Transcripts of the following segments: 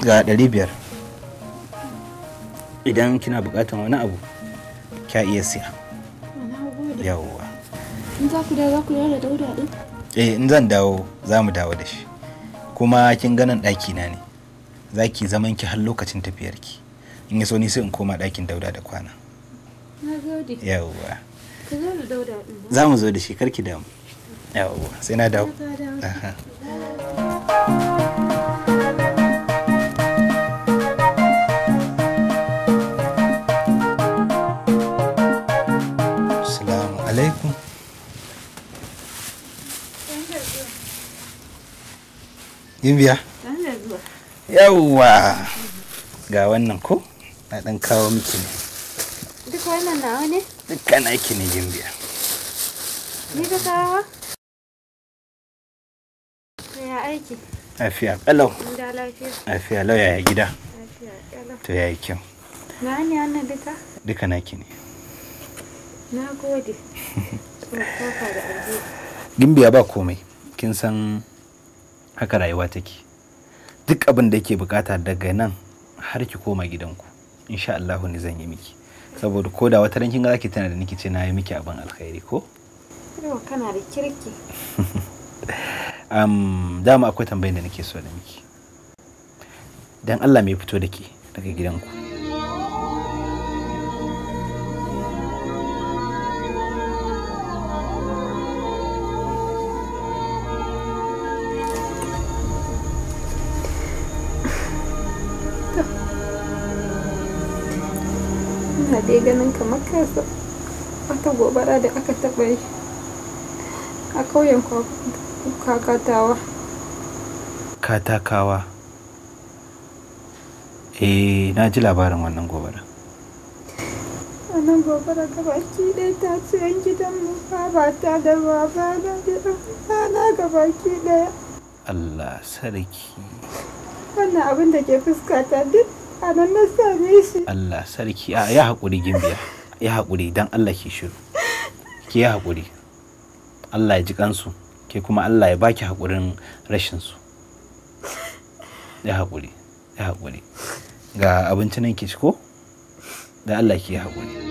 ga 500 idan kina bukatan wani abu kya iya siya yawwa in za ku dawo za ku da dauda din eh in zan dawo za mu dawo da shi kuma kin ganin ɗaki na ne za ki zaman ki har lokacin tafiyarki in yi so ni sai in koma ɗakin dauda da kwana yawwa za mu zo da shi karki damu yawwa sai na dawo yin biya yawwa ga wannan ko na dan kawo miki ne duk wannan na ne dukkan aiki ne yin biya ni ka kawo ya aiki lafiya kalau lafiya lau yaya gida to yi kyau na ne wannan duka duka ki ne na gode gimbiya ba komai kin san haka rayuwa take duk abin da yake bukata daga nan har ki koma gidanku insha Allahu ne zan yi miki saboda ko da wata ran kin ga zaki tana da niki ce na yi miki abin alkhairi ko yau kana da kirki um, dama akwai tambayar da nake so da miki dan Allah mai fito da ke daga gidanku kasa wata gobara da aka taɓa yi a ƙauyen kakatawa katakawa eh na ji labarin wannan gobara wannan gobara gabaki ɗaya ta ci yan gidanmu babata da babana da ɗana gabaki ɗaya allah sarki wannan abin da ke fuskata duk a nan na same shi allah sarki a ya haƙuri gimbiya ya haƙuri don Allah ki shiru ki ya haƙuri Allah ya ji kansu ke kuma Allah ya baki haƙurin rashin su ya haƙuri ya haƙuri ga abincin nan ki ci ko da Allah ki ya haƙuri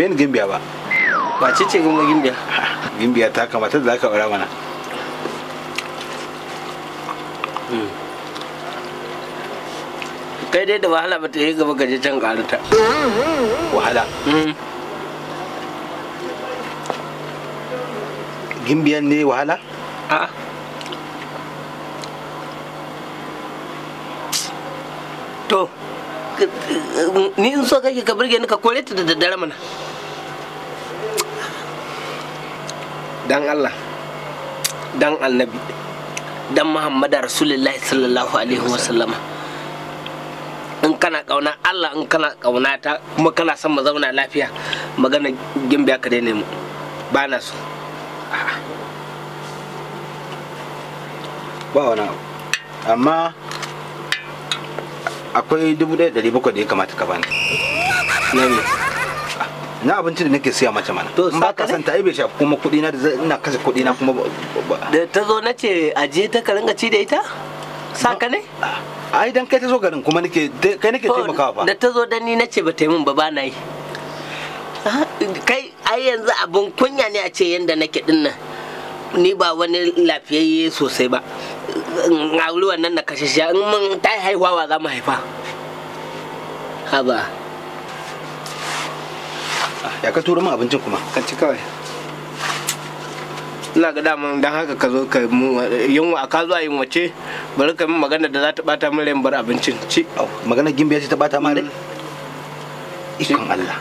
tambaye ni gimbiya ba ba ce ce gimbiya gimbiya gimbiya ta kamata da zaka aura mana kai dai da wahala ba ta yi gaba gaje can karuta wahala hmm. gimbiyan ne wahala a to ni in so kake ka burge ni ka kore ta da daddare mana dan Allah dan annabi dan Muhammad Rasulullah sallallahu alaihi wasallama in kana kauna Allah in kana kauna ta kuma kana son mu zauna lafiya magana gimbiya ka daina mu ba na so ba wani abu amma akwai 1700 da ya kamata ka bani. Yami. na abincin da nake siya mace mana ba ka san ta bai shafi kuma kuɗi na da ina kashe kuɗi na kuma da ta zo na ce aje ta ka ringa ci da ita saka ne ai dan kai ta zo garin kuma nake kai nake taimakawa ba. da ta zo dan ni nace ba ta yi min ba ba na yi kai ai yanzu abin kunya ne a ce yanda nake nan. ni ba wani lafiyayye sosai ba a wannan nan na kashe shi in mun ta haihuwa za mu haifa haba ya ka turo min abincin kuma ka ci kawai ina ga daman don haka ka zo ka yunwa ka zo a yi ce bari ka min magana da za ta bata min rai bar abincin ci magana gimbiya ce ta bata ma rai mm. ikon Allah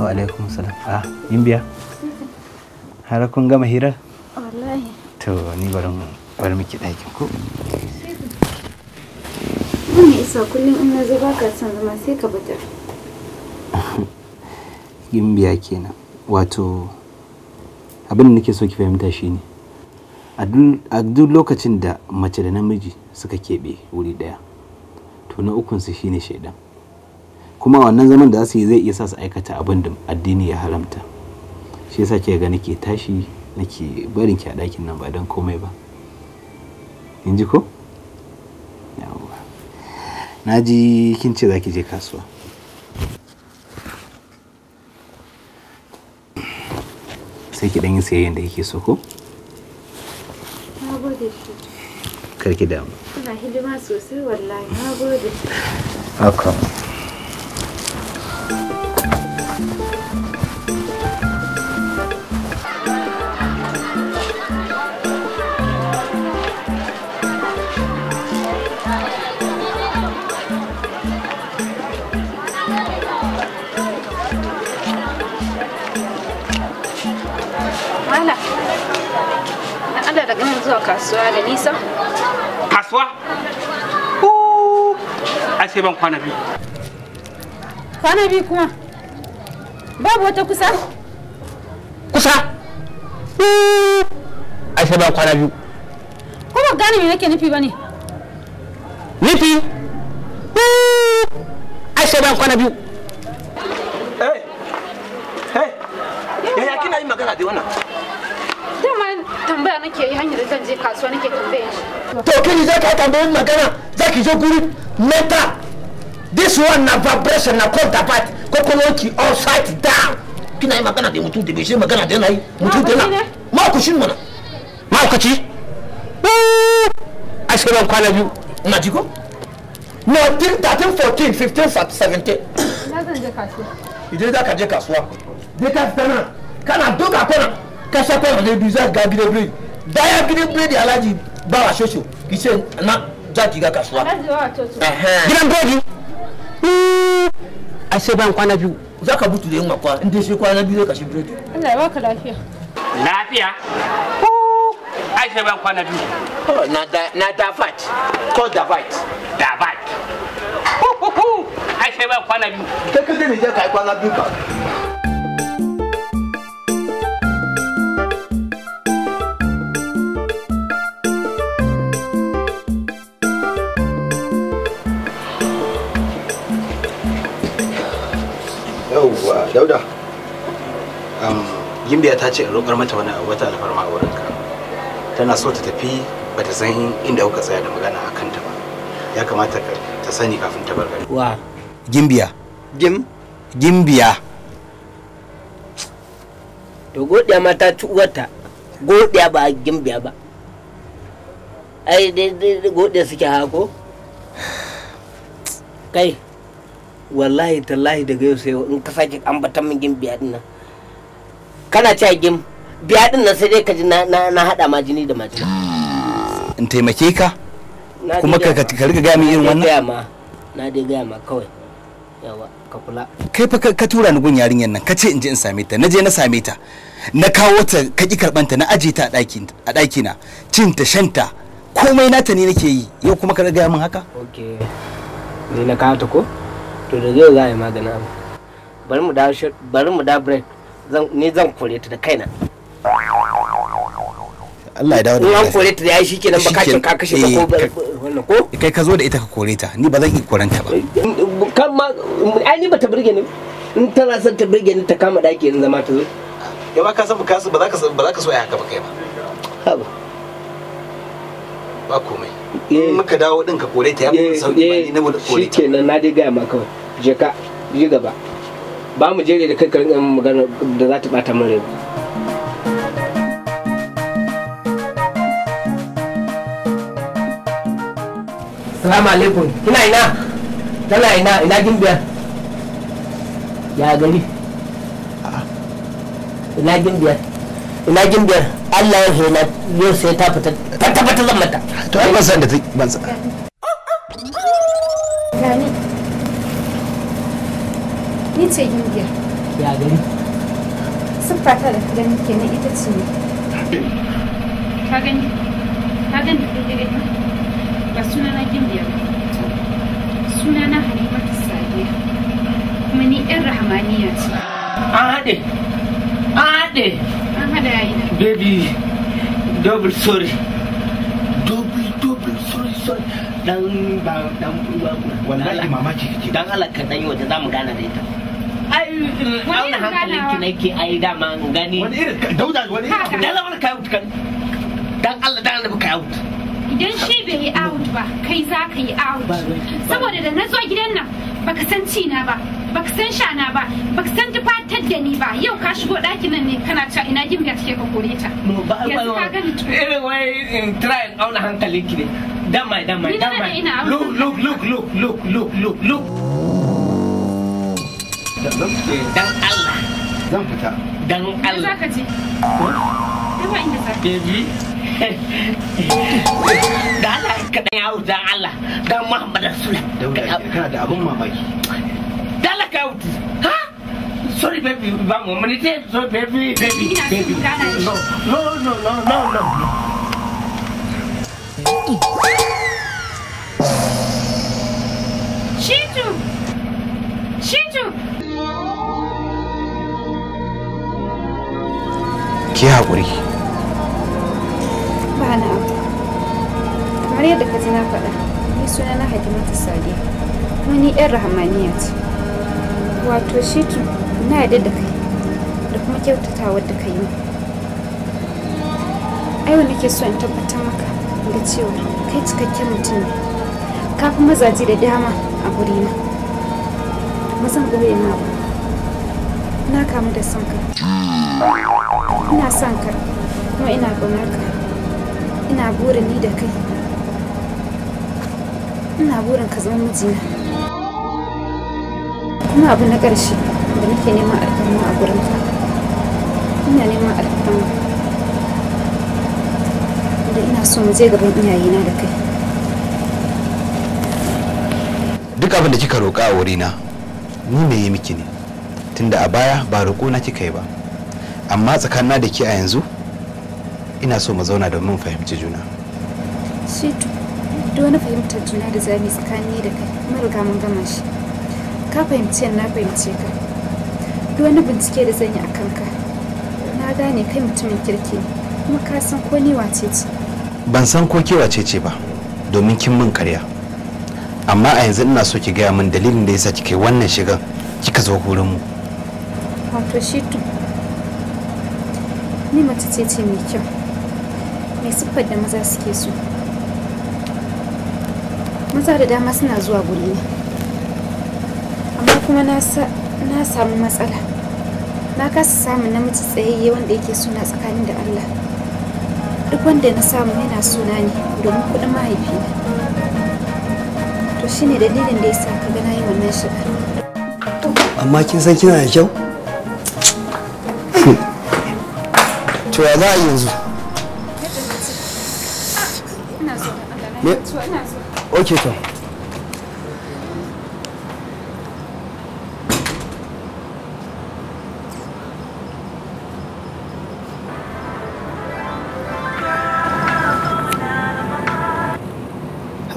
wa alaikum salam ah gimbiya har kun gama hirar to ni barin bar miki ɗakin ko Mun isa kullum in na zo ba ka zama sai ka fita. Gimbiya kenan. Wato abin da nake so ki fahimta shine a duk lokacin da mace da namiji suka keɓe wuri ɗaya to na ukun su shine shaidan kuma wannan zaman da za su yi zai iya sa su aikata abin da addini ya haramta shi yasa ke ga nake tashi nake barin ki a ɗakin nan ba don komai ba in ji ko yawa na ji kin ce za ki je kasuwa sai ki ɗan yi sayayyan da yake so ko karki damu kuna hidima sosai wallahi na gode haka zuwa kasuwa da nisa? Kasuwa? Ai sai ban kwana biyu. Kwana biyu kuma? Babu wata kusa? Kusa? Ai sai ban kwana biyu. Ko ba gane me nake nufi ba ne? Nufi? tambayi magana za ki je guri meta this one na vibration na counterpart ko kuma ki all side down kina yi magana da mutu da bai shi magana da yana yi da na ma ku shin mana ma ku ci a shirin kwana biyu na jiko no 13 14 15 17 idan za ka je kasuwa dai ka fita nan kana doka kwana ka sha kwana da biyu za ka ga gidan biredi da ya gidan biredi alhaji ba wa shosho ki ce na za ki ga kasuwa gidan biredi a sai bayan kwana biyu za ka butu da yin makwa in dai sai kwana biyu zai kashe biredi Allah ya baka lafiya lafiya ai sai bayan kwana biyu na davat ko davat davat ai sai bayan kwana biyu kai kai ne je ka yi kwana biyu ka dauda yimbiya um, ta ce in roƙar mata wani wata alfarma a wurinka tana so ta tafi ba ta san inda kuka tsaya da magana a kanta ba ya kamata ka ta sani kafin ta bar gari wa gimbiya gim gimbiya to godiya ma ta ci uwarta godiya ba gimbiya ba ai dai godiya suke hako kai wallahi tallahi daga yau sai in ka sake ambatan min gim biya dinnan kana ci gim biya dinnan sai dai ka ji na hada jini da majina ah, in taimake ka kuma ka ka riga gami irin wannan na dai gaya ma kawai yawa ka kula kai fa ka tura ni gun yarinyar nan ka ce in je in same ta na je na same ta na kawo ta ka ki ta na aje ta a ɗaki na cin ta shanta komai ta ne nake yi yau kuma ka riga min haka okay ne na kawo ta ko to da zai za a yi magana bari mu da bari mu da break ni zan kore ta da kaina Allah ya dawo da ita. Ni kore ta da yayi shikenan ba ka ka kashe ta ko eh, wannan ko? Kai ka zo da ita ka kore ta ni ba zan koren ta ba. Kan ma ai ni ta burge ni in tana son ta burge ni ta kama daki in zama ta zo. ya ba ka san ba za ka ba za ka so ya haka ba kai ba. Ba komai. in eh. muka dawo din ka kore ta eh, ba eh, na kore ta shikenan na dai ma kawai je ka je gaba ba mu jere da kai karin magana da za ta bata min rai Salamu alaikum. ina? Tana ina ina gimbiya? Ya gari? Ina gimbiya? ina gimbiyar Allah ya hina yau sai ta fita fata fata zan mata to ai ban san da ban san Rani ni ce gimbiyar ya gani sun fata da gidan ne ita ce ka gani ka gani da kai ba suna na gin gimbiyar suna na halimatu sadiya kuma ni yan rahamaniya ce an haɗe an haɗe baby double sorry double double sorry sorry dan ba dan wallahi mamaki kike dan Allah ka dan wata zamu gana da ita ai ki nake ai gani wani irin dauda wani irin dan Allah ka idan shi bai yi out ba kai za ka yi out saboda da na zo gidan nan baka san ci na ba baka san sha na ba baka san fitar ni ba yau ka shigo ɗakin nan ne kana cewa ina gimbiya take ka kore ta yanzu ka gani irin eh, wai in try in auna hankalin ki ne damai damai damai look look look look look look look look dan Allah zan fita dan Allah inda ka da Allah ka dan yawo dan Allah dan kana da abun mamaki dala Sorry, baby, one moment. It is so, baby, baby, baby. No, no, no, no, no, no. Shitu! Shitu! Ki haƙuri. Ba na. Kamar yadda ka ji na faɗa, ni suna na Hadimatu Sadiya. Wani 'yan rahamaniya Wato Shitu. na yarda da kai da kuma kyautatawa da kai mu aiwa nake so in tabbatar maka da cewa kai cikakken mutum ne ka mazaje da dama a gurina kuma zan goye ma ba na kamu da son ina son ka kuma ina ina ni da kai ina kuma abu na ƙarshe da nake neman alfarma a gurinsa ina neman alfarma da ina so mu je gaban iyayena da kai duk abin da kika roƙa a wurina ni me yi miki ne tunda a baya ba roƙo na kika yi ba amma tsakanina da ke a yanzu ina so mu zauna domin fahimci juna shi duk wani fahimtar juna da za mu zami tsakani da kai mun riga mun gama shi ka fahimci na fahimce ka duk wani bincike da zan yi a kanka na gane kai mutumin kirki kuma ka san ko ni wace ce ban san ko ke wace ce ba domin kin min karya amma a yanzu ina so ki gaya min dalilin da yasa kika yi wannan shigan kika zo gurin mu wato shi ni mace ce ce mai kyau mai siffar da maza suke so maza da dama suna zuwa guri ne amma kuma na samu matsala na kasa samun namiji tsayayye wanda yake suna tsakanin da Allah duk wanda na samu yana suna ne domin kuɗin mahaifi to shine dalilin da yasa ka gana yi wannan shiga amma kin san kina da kyau to ya za a yanzu ina so ina so okay to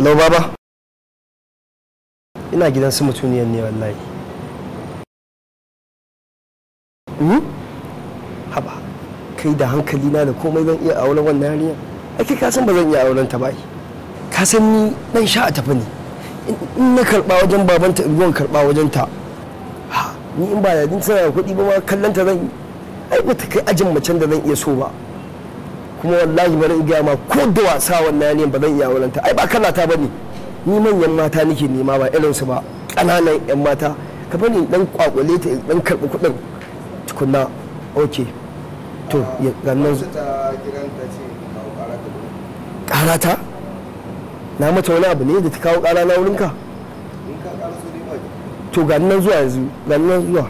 Hello baba. Ina gidan su mutuniyar ne wallahi. Hmm? Haba, kai da hankali na da komai zan iya auren wannan yarinya. Ake ka san ba zan iya auren ta ba. Ka san ni dan sha a tafi ne. In na karba wajen babanta in ruwan karba wajen ta. Ha, ni in ba da din tana kuɗi ba ma kallon ta zan yi. Ai ba ta kai ajin macen da zan iya so ba. kuma wallahi bari in gaya ma ko da wasa wannan ne ba zan iya aurenta ai ba kana ta bane ni manyan mata nake nema ba irin su ba kananan yan mata ka bani dan kwakwale ta dan karbi kudin tukunna okay to ya gannan karata na mata wani abu ne da ta kawo kara na wurinka to gannan zuwa yanzu gannan zuwa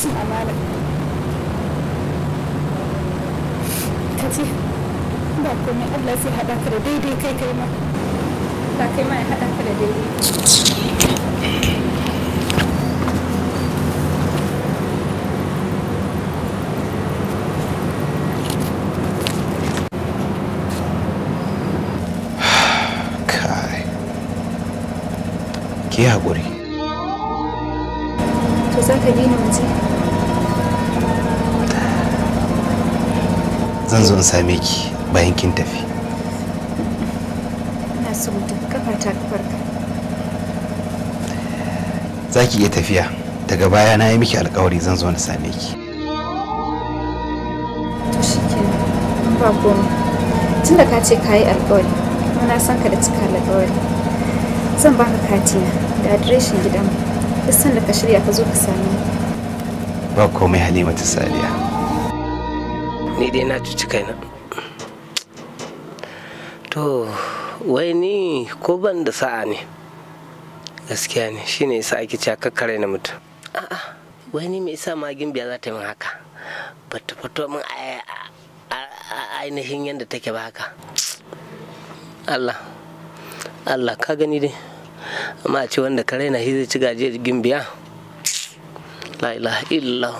ci amana ka ce ba komai Allah ka da daidai kai kai ma ba kai ma ya ka da daidai ki haƙuri. To za ka bi ni waje? zan zo in same ki bayan kin tafi ina so mutum ta kafar ka za ki iya tafiya daga baya na yi miki alkawari zan zo na same ki to shi ke ba goma tun da ka ce ka yi alkawari kuma na san ka da cika alkawari zan baka katina da adireshin gidanmu duk sanda ka shirya ka zo ka same ni ba komai halima ta saliya ni dai na cuci kaina to wai ni ko ban da sa'a ne gaskiya ne shine yasa ake cewa kakkare na mutum a'a wai ni me yasa magin biya za ta yi haka ba ta fito min ainihin yadda take ba haka Allah Allah ka gani dai amma a ce wanda kare na shi zai ci gajiyar gimbiya la ilaha illallah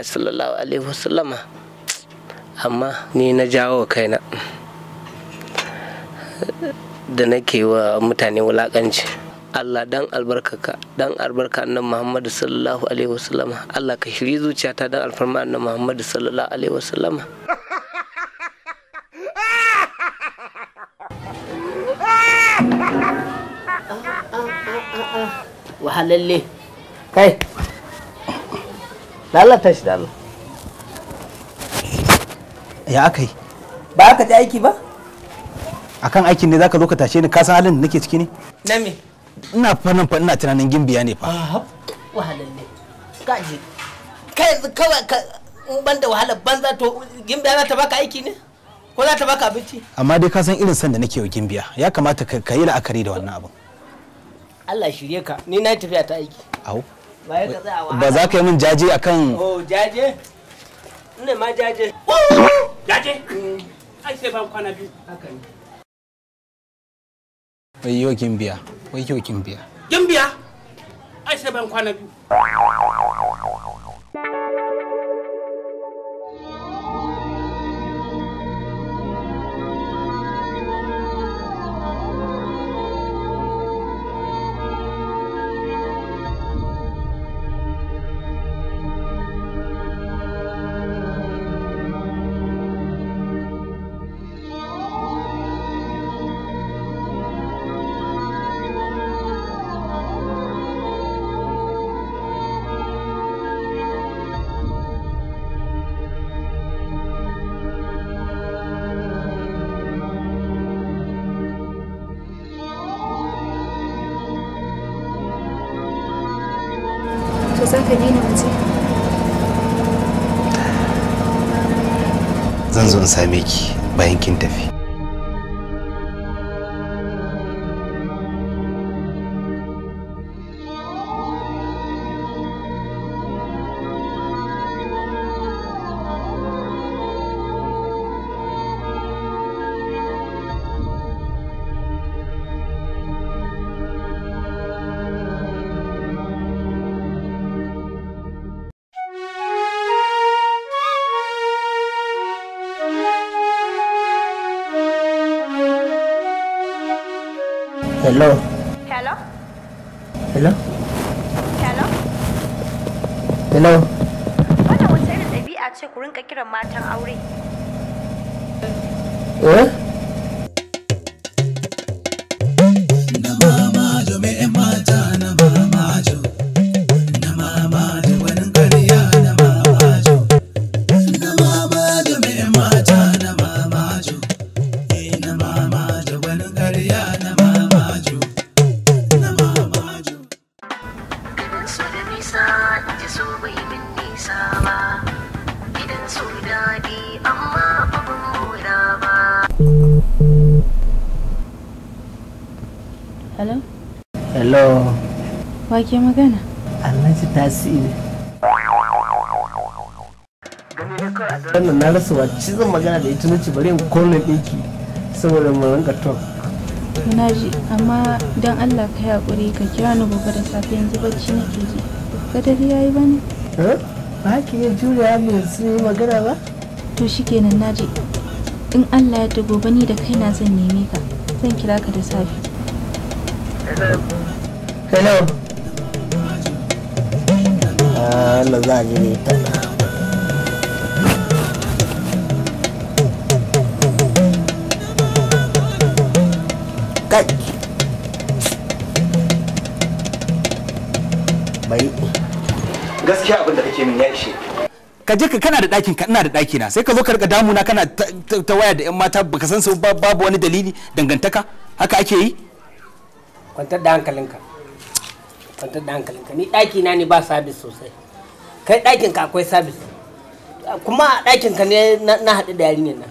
sallallahu alaihi wasallama amma ni na jawo kaina da nake wa mutane wulakanci Allah dan albarkaka dan albarka annan Muhammadu sallallahu alaihi wasallama Allah ka shiri zuciyata dan alfarma annan Muhammadu sallallahu alaihi wasallama wahalalle kai lalata shi da Allah ya aka yi ba aka ji aiki ba akan aikin ne zaka zo ka tashe ni ka san halin da nake ciki ne na me ina fa nan fa ina tunanin gimbiya ne fa wahalalle kaji kai yanzu kawai ka ban da wahalar banza to gimbiya za ta baka aiki ne ko za ta baka abinci amma dai ka san irin san da nake wa gimbiya ya kamata ka yi la'akari da wannan abin Allah shirye ka ni na tafiya ta aiki au ba za ka yi min jaje akan oh jaje ne ma jaje Yaje? Ai sai ban kwana biyu. Haka ne. Wai yo gimbiya, wai yo gimbiya. Gimbiya? Ai sai ban kwana biyu. zan zo in same ki bayan kin tafi below ke magana? Alhaji tasiri. Gani da na rasa wacce zan magana da ita nace bari in kone ɗinki saboda mu rinka talk. Na ji, amma don Allah ka haƙuri ka kira ni gobe da safe yanzu bacci nake ji. Gadari ya yi ba ne? Eh? Ba ki iya juriya mai sun yi magana ba? To shikenan na ji. In Allah ya ta gobe ni da kaina zan neme ka. Zan kira ka da safe. Hello. Hello. yadda za a gini ta bai gaskiya abin da kake min ya ishe ka je ka kana da ɗakin ka ina da ɗaki na sai ka zo ka rika damuna kana ta waya da yan mata baka san su babu wani dalili dangantaka haka ake yi kwantar da hankalinka kwantar da hankalinka ni ɗaki na ne ba sabis sosai kai ɗakin ka akwai sabis kuma a ɗakin ka ne na haɗu da yarinya nan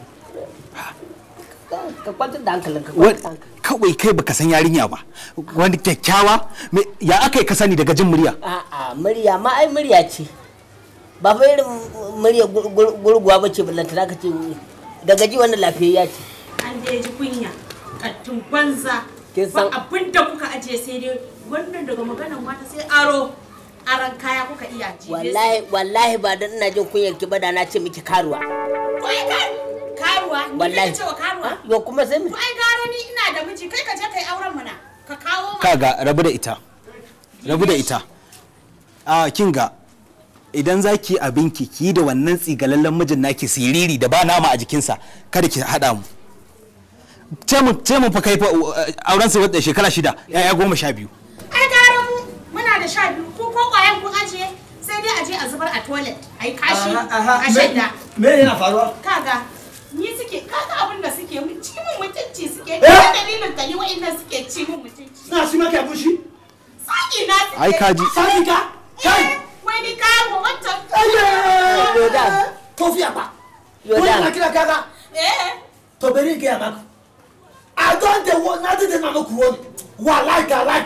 ka kwantar da hankalin ka da kawai kai baka san yarinya ba wani kyakkyawa ya aka yi ka sani daga jin murya a'a murya ma ai murya ce ba fa irin murya gurguwa ba ce ballantana ka ce daga ji wannan lafiyayya ce an da ji kunya kattun banza ba abin da kuka ajiye sai dai wannan daga maganan wata sai aro aran kaya kuka iya jibe wallahi wallahi ba dan ina jin kunyar ki ba da na ce miki karuwa karuwa wallahi? ne cewa karuwa ah, yo kuma sai mi to ai gara ni ina da miji kai ka je kai auren mu na ka kawo ma kaga rabu da ita rabu da ita a ah, kinga idan za ki abin ki ki da wannan tsigalallen mijin naki siriri da ba nama a jikinsa kada ki haɗa mu ce mu fa kai fa uh, auren sai wadda shekara shida yaya goma sha biyu ai gara mu muna da sha biyu ko kwayan kun sai dai aje a zubar a toilet a yi kashi a shadda me yana faruwa kaga ni suke kaga abin da suke mun ci mun mutunci suke eh? ni dalilin ka ni wa'annan suke ci mun mutunci na shi maka bushi saki na suke ai kaji saki ka eh, kai wai ni ka mu wata yoda kofi apa yoda na kira kaga eh to bari ga maka i don dey want nothing dey mama kuwon wallahi ga like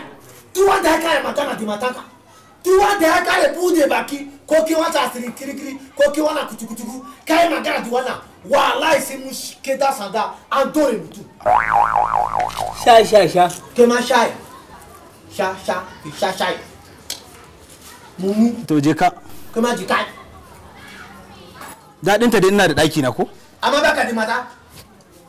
do what the heck i am di duwa da ya kare bude baki ko ki wata asiri kirikiri ko ki wana kutukutuku kai magana di wana wallahi sai mun ke da sanda an dore mutum sha sha sha ke ma sha sha sha ki sha sha mumu to je ka ke ma ji dadin ta dai ina da daki na ko amma baka da mata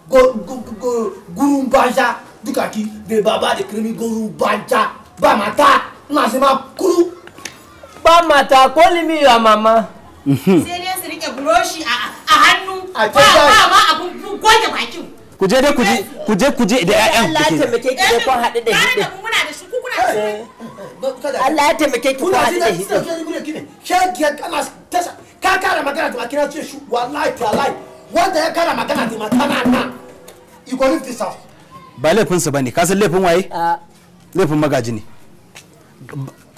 go go go gurun banja duka ki da baba da kirmi gurun ba mata ina sai ma kuru papa mata ko me your mama mhm. sai rike buroshi a ba ma abun goge bakin ku je dai ku je ku je da ƴaƴan Allah ya ki ko haɗu da muna da kuna da Allah ya ki haɗu da kana tasa ka kara na you go this house ba ne kasan laifin waye laifin magaji ne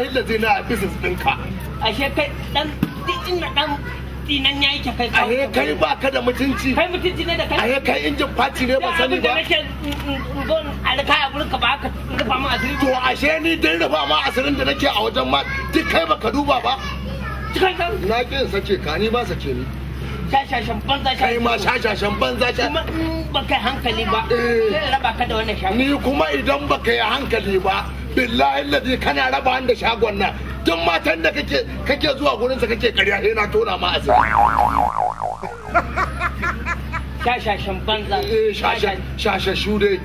billahi da na a bisis ka. Ashe kai ɗan ɗin na ɗan dinan ya yake kai kawo. Ahe kai ba ka da mutunci. Kai mutunci ne da kai. Ahe kai injin fati ne ba sani ba. Da nake don a rika a burka ba ka rufa ma asirin. To ashe ni dan rufa ma asirin da nake a wajen ma duk kai baka duba ba. Na ki sace sake ka ni ba sace ni. Shashashan banza shashashan. Kai ma shashashan banza shashashan. Kuma in ba kai hankali ba. Eh. Zai raba ka da wani shashashan. Ni kuma idan ba yi hankali ba. billahi ladi kana raba da shagon nan duk matan da kake kake zuwa gurin sa kake karya sai na tona ma asiri shashashin banza eh,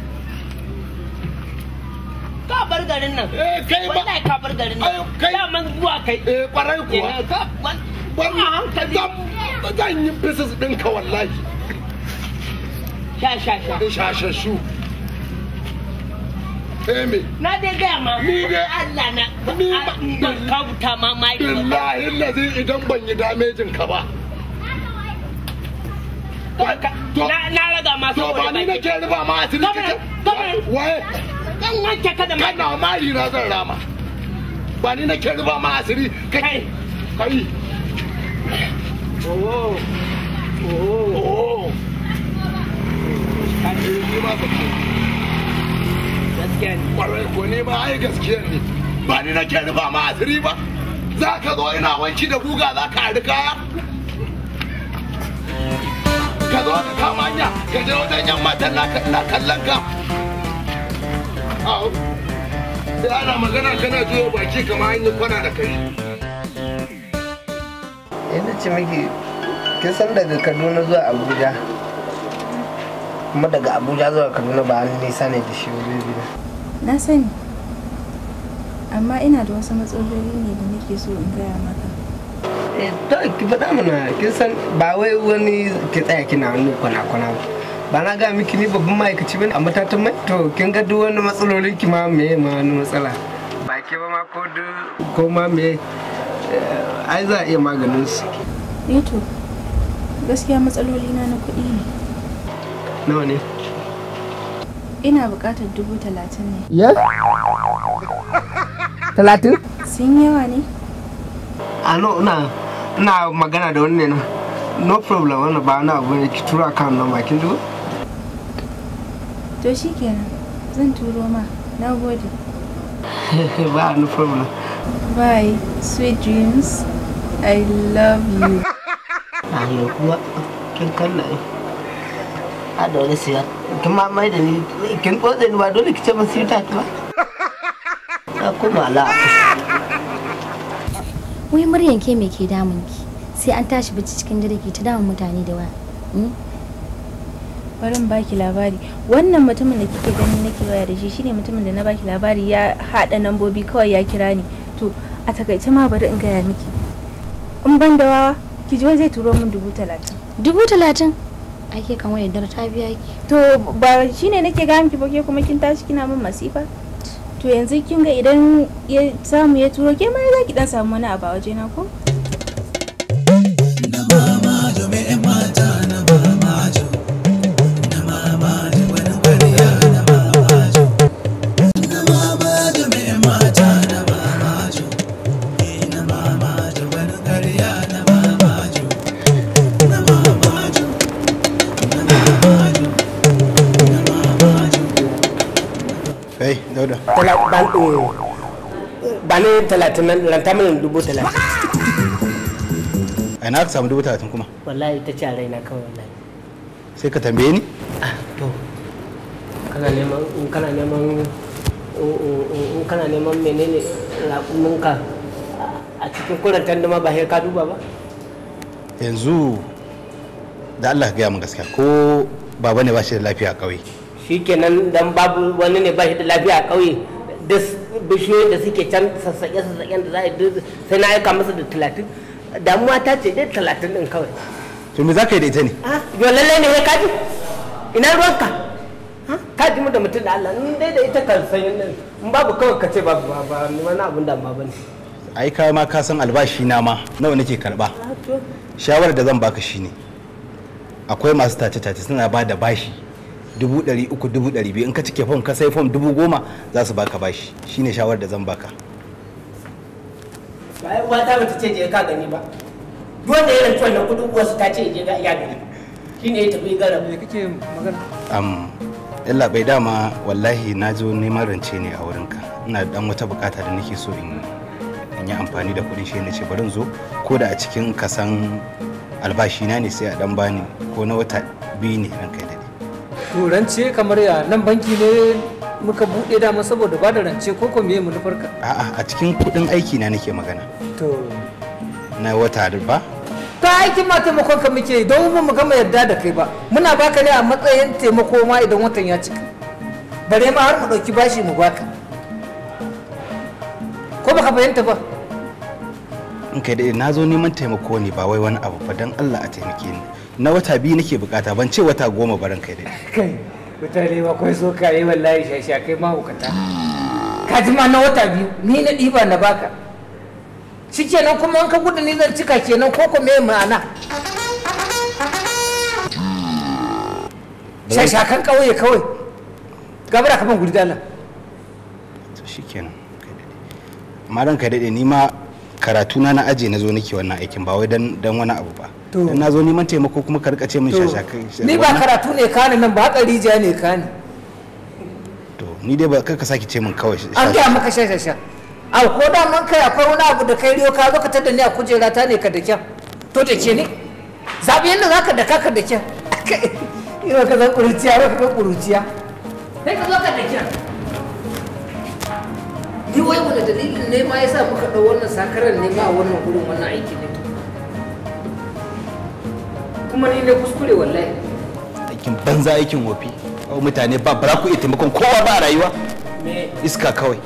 ka bar garin nan eh kai ba ka bar garin nan kai man zuwa kai eh kwarai ba ba hankali zan yi business ɗinka wallahi eh, Femi. Na dai gaya ma. Ni dai. Allah na. Ni k'a buta ma mai. Billahi lazi idan ban yi damejin ka ba. Na raga ma saboda To ba ni nake riba ma a cikin kicin. Gwamnan. Dan wanke ka da mai. Kana na zan rama. Ba ni nake ma asiri. Kai. Kai. Oh. Oh. Oh. Kai. gaskiya ne kwarai ko ne ma ai gaskiya ne ba ni nake rufa ma asiri ba za ka zo ina wanki da guga za ka ari kaya ka zo ka kama hanya ka je wajen yan matan na kallon ka sai ana magana kana juyo baki kamar an yi kwana da kai yadda eh, ce miki kin san daga kaduna zuwa abuja kuma daga abuja zuwa kaduna ba an nisa ne da shi wuri na sani amma ina da wasu matsaloli ne da nake so in gaya maka eh, to ki faɗa mana kin san ba wai wani ki tsaya kina wani kwana-kwana ba na ga miki ni babban ma'aikaci ba a matatan mai to kin ga duk wani matsalolin ki ma me ma wani matsala ba ke ba ma ko ko ma me eh, ai za a iya maganin su eh to gaskiya matsaloli na na kuɗi ne nawa ne ina bukatar dubu talatin ne yes talatin sun yawa ne a no ina magana da wani ne na no problem wannan ba na abu ne ki tura kan nan makin dubu to shi kenan zan turo ma na gode ba no problem bye sweet dreams i love you a kuma kin kallon a wani siya kin ma mai da ni kin ni ba dole ki ce su ta ba ta kuma ala wai muryan ke me damun ki sai an tashi bici cikin dare ki ta damun mutane da waya hmm? bari baki labari wannan mutumin da kike gani nake waya da shi shine mutumin da na baki labari ya hada nambobi kawai ya kira ni to a takaice ma bari in gaya miki in ban da wawa ki ji zai turo min dubu talatin dubu talatin ake kan wani dara ta biya ki to ba shine nake ga miki ba ke kuma kin tashi kina min masifa to yanzu kin ga idan ya samu ya turo ke ma za ki dan samu wani abu a waje na ko da ban ba ne talatin nan ranta mana dubu talatin a ina ka samu dubu talatin kuma wallahi ta ce a raina kawai wallahi sai ka tambaye ni ah, to kana neman in kana neman in kana neman menene raƙuminka a cikin kurantar da ma ba ka duba ba yanzu da Allah gaya mu gaskiya ko baba ne ba shi da lafiya a ƙauye shikenan dan babu wani ne ba shi da lafiya a ƙauye da bishiyoyi da suke can sassaƙe sassaƙen da za a yi sai na aika masa da talatin damuwa ta ce dai talatin ɗin kawai to me za ka yi da ita ne ah, yau lallai ne ya kaji ina ruwanka ah, ka ji mu da mutum da Allah in dai da ita kan sanyi din in babu kawai ka ce ba ba ba wani abun da ba A ai kawai ma ka san albashi na ma nawa nake karba ah, shawarar da zan baka shine akwai masu tace tace suna ba da bashi dubu ɗari uku dubu ɗari biyu in ka cike fom ka sai fom dubu goma za su baka bashi shine shawarar da zan baka ba uwa ta bata ce je ka gani ba duk da irin tuwan kudin uwarsu ta ce je ga iya gani shine ya tafi gara me kake magana am illa bai dama wallahi na zo neman rance ne a wurin ka ina da dan wata bukata da nake so in yi amfani da kuɗin shi ne ce bari zo ko da a cikin kasan albashi na ne sai a dan bani ko na wata biyu ne kai da turanci kamar ya nan banki ne muka buɗe dama saboda ba da rance ko ko me mun farka. a'a a cikin kuɗin aiki na nake magana to na wata ba ta aikin ma taimakon ka muke don mu mu gama yarda da kai ba muna baka ne a matsayin taimako ma idan watan ya cika bare ma har mu ɗauki bashi mu baka ko baka fahimta ba in kai da na zo neman taimako ne ba wai wani abu ba don Allah a taimake ni na wata biyu nake bukata ban ce wata goma barin kai dai kai mutane ma kai so kai wallahi shasha kai ma hukata ka ji ma na wata biyu ni na diba na baka shikenan kuma an ka gudu ni zan cika kenan ko ko me ma'ana hmm. shasha kan kauye kawai gabara kaman gudu dala to shikenan ma ran kai dade ni ma karatu na na aje na zo nake wannan aikin ba wai dan wani abu ba to na zo neman taimako kuma ka min shashakai ni ba karatu ne kani nan ba haka rija ne kani to ni dai ba ka saki ce min kawai an gaya maka shashasha a ko da man kai akwai wani abu da kai riyo ka zo ka tada ni a kujera ta ne ka da kyan to da ke ne zabi yadda zaka da ka ka da kyan ina ka zan kuruciya ba ka kuruciya sai ka zo ka da kyan ni wai wani dalilin ne ma yasa muka ɗau wannan sakaran ne ma wannan gurin wannan aikin ne kuma ni ne kuskure wallahi aikin banza aikin wofi mutane ba bara ku iya taimakon kowa ba a rayuwa iska kawai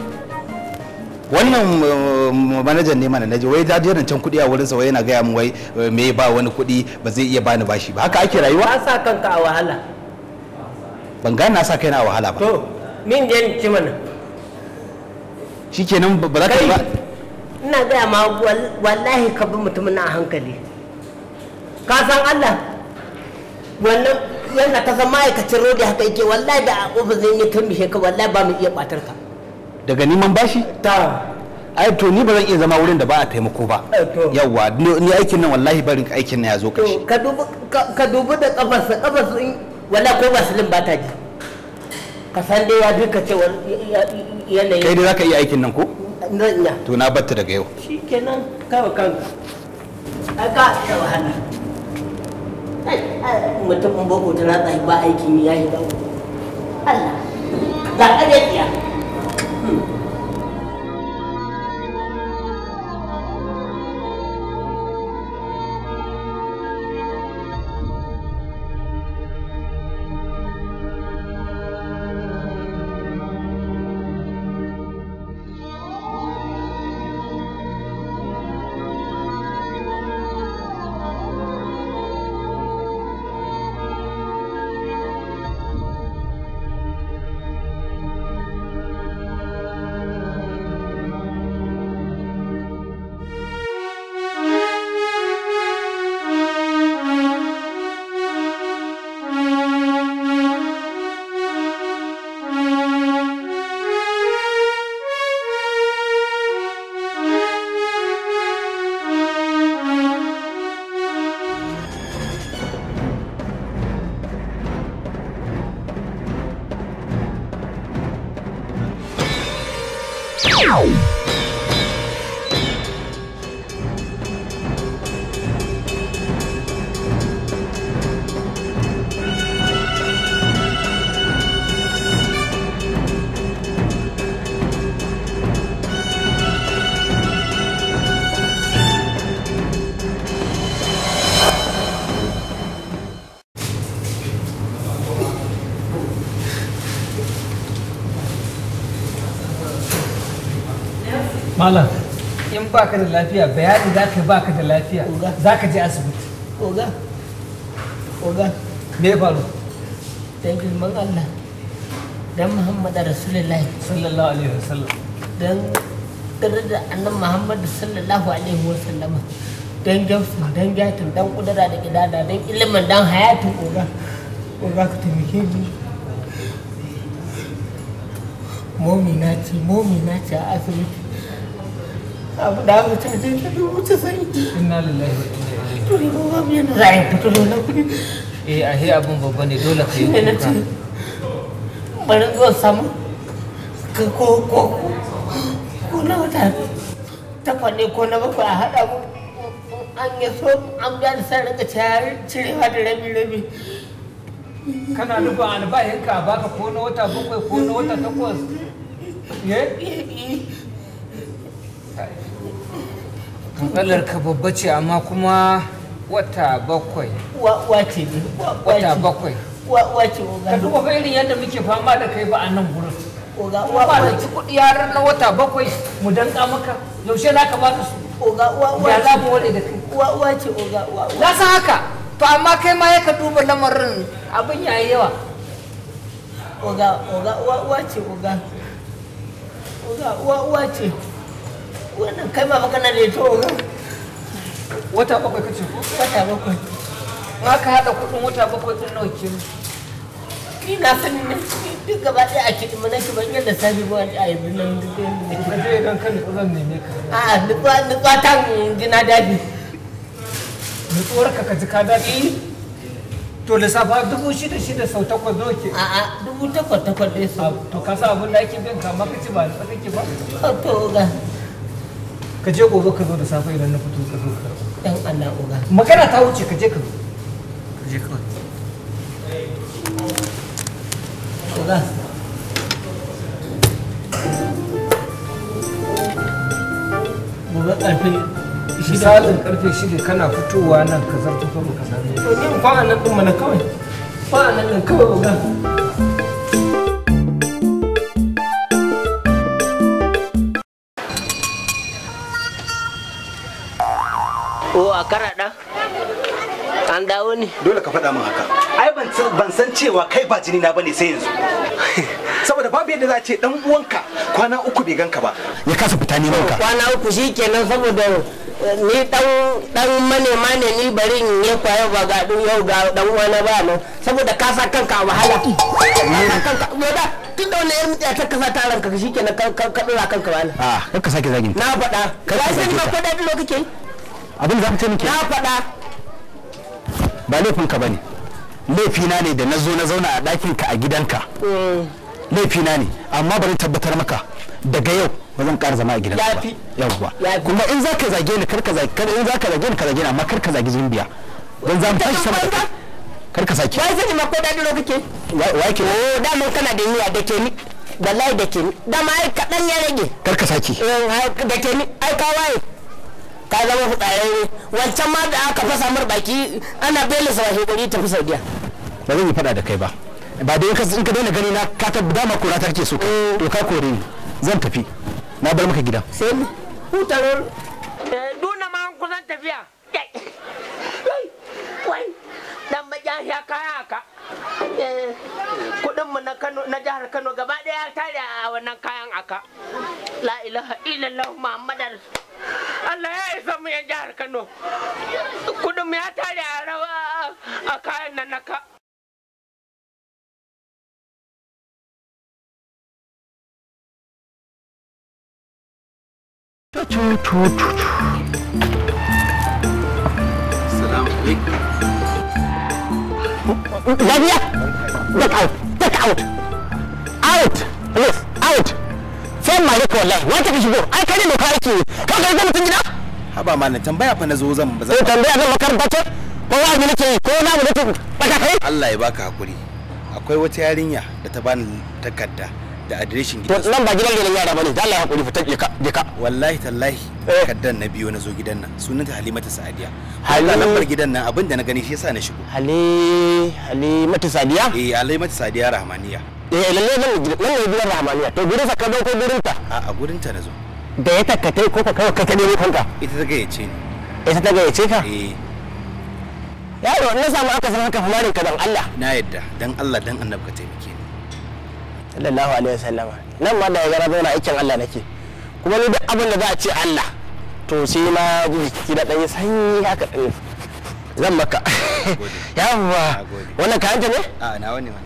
wannan eh, manajan ne mana naji wai dadi yana can kuɗi a wurin sa wai yana gaya mu wai eh, me ba wani kuɗi ba zai iya bani bashi ba haka ake rayuwa ka sa kanka a wahala ban gane na sa kaina a wahala ba to min da yanki mana shikenan ba za ka ba ina gaya ma wallahi ka bi mutumin a hankali ka san Allah wannan yana ta san ma'aikacin rodi haka yake wallahi da ofis zai yi turmishe ka wallahi ba mu iya batar ka daga neman bashi ta ai to ni ba zan iya zama wurin da ba a taimako ba eh, yawa ni aikin nan wallahi barin aikin nan ya zo kashi ka dubi ka dubi da kafarsa kafarsa in wallahi ko basilin ba ta ji ka san dai ya duka cewa yanayin kai dai zaka iya aikin nan ko to na batta daga yau shikenan kawai kanka ka ka wahala mutumin boko ta ratsa ba aikin ya yi ba Allah ga Allah in baka da lafiya bayani za ka baka da lafiya za ka je asibiti oga oga me faru dan girman Allah dan Muhammad Rasulullahi sallallahu alaihi wasallam dan daraja annan Muhammad sallallahu alaihi wasallam dan gamsu dan gatin dan kudura da kidada dan ilimin dan hayatin oga oga ka taimake ni momina ce momina ce a asibiti abu da abu ta je ta wuce sai inna lillahi wa inna ilaihi to ba biyan za a fito dole kuɗi eh a abun babba ne dole kai kuka bari zuwa sama ka ko ko ko na wata ta ne ko na bakwai a haɗa mu an yi so an biya da sai rika cirewa da rabi-rabi kana nufin albahinka baka ko na wata bakwai ko na wata takwas matsalar ka babba ce amma kuma wata bakwai wace ne wata bakwai wace oga ka duba fa irin yadda muke fama da kai ba a nan gurin oga uwa ba da ci kuɗi yaran na wata bakwai mu danka maka yaushe na ka baka su oga uwa uwa ya za mu wale da kai uwa uwa ce oga uwa na san haka to amma kai ma yaka duba lamarin abin yayi yawa oga oga uwa uwa ce oga oga uwa uwa ce wannan kai ma baka na leto wata bakwai kace ko wata bakwai ma ka hada kudin wata bakwai din nawa ke ni na san ni duk gaba ɗaya a kiɗi mana ki ban yadda sabi ba a yi nan duk ka je idan ka nutsu zan neme ka a nutsuwa nutsuwa ta gina dadi nutsuwar ka ka ji ka dadi eh. to lissafa dubu shida shida sau takwas nawa ke a'a dubu takwas takwas ɗaya sau ah, to ka sa abin da ake bin ka ma ka ci ba ka ke ba to ga ka je gobe ka zo da safe idan na fito ka zo ka dan Allah uga magana ta wuce ka je ka zo ka je kawai oga gobe karfe misalin karfe kana fitowa nan ka zarta fa ka sami to ni fa nan din mana kawai fa nan din kawai oga karada an dawo ne dole ka faɗa min haka ai ban san cewa kai ba jini na bane sai yanzu saboda babu yadda za a ce dan uwanka kwana uku bai ganka ba ya kasa fita neman ka kwana uku shikenan saboda ni dan dan manema ne ni bari in yi kwayo ba ga dun yau ga dan wani ba nan saboda ka sa kanka a wahala kanka tun da wani yar mutiya ta kasa ta ranka shikenan ka dora kanka ba na a sake zagin na faɗa ka sai ni ba kwada da dilo kake abin da za ka ce miki na faɗa ba laifin ba ne laifina ne da na zo na zauna a ka a gidanka eh. laifina ne amma bari tabbatar maka daga yau ba zan ƙara zama a gidanka ba yawwa kuma in za ka zage ni kar ka zage in za ka zage ni ka zage ni amma kar ka zage zumbiya don za mu tashi sama da kar ka sake wai zai ma ko da duro kake wai ke oh da mun kana da niyya da ke ni wallahi da ke ni da ma ai kadan ya rage kar ka sake eh, da ke ni ai ka waye ka zama ne wancan ma da aka fasa mar baki ana bela sa wahi gari tafi saudiya ba zan yi fada da kai ba ba dai in ka daina gani na ka ta dama kura ta ke so eh. to ka kore ni zan tafi na bar maka gida sai mu hutarar duna eh, ma kusan tafiya ya kaya haka eh, kudinmu na kano na jihar kano gaba daya tare a wannan kayan aka la ilaha illallah muhammadar Allah ya isa mu yan jihar Kano kudinmu ya tare a rawa a kayan nan naka choo choo. yeah. Get out. Get out. Out. Yes. Out. Sai ma shigo. Ai kare doka yake. Ka ga zama tun gida? Haba ma na tambaya fa na zo zan ba zan. tambaya zan makaranta ce? Ko wa mi nake ko na mu Baka kai? Allah ya baka hakuri. Akwai wata yarinya da ta bani takarda. da adireshin gidan nan ba gidan na yara bane da Allah ya hakuri fitan je ka wallahi tallahi eh. kaddan na biyo na zo gidan nan sunanta Halimatu Sadiya Allah na bar gidan nan abinda na gani shi yasa na shigo Hali Halimatu Sadiya eh Halimatu Sadiya Rahmaniya eh lalle nan nan gidan Rahmaniya to gurin sa ka dauko gurin ta a gurin ta nazo da ya takkatai ko ka kawo kake kade ne kanka ita ta gayyace ni ita ta gayyace ka eh yaro na samu aka san haka fularin ka dan Allah na yadda dan Allah dan annabka taimaka sallallahu alaihi wasallama nan ma da gara zauna aikin Allah nake kuma ni duk abin da za a ce Allah to sai na ji ki da ɗanyi sanyi haka ɗin zan maka yawa wannan hanta ne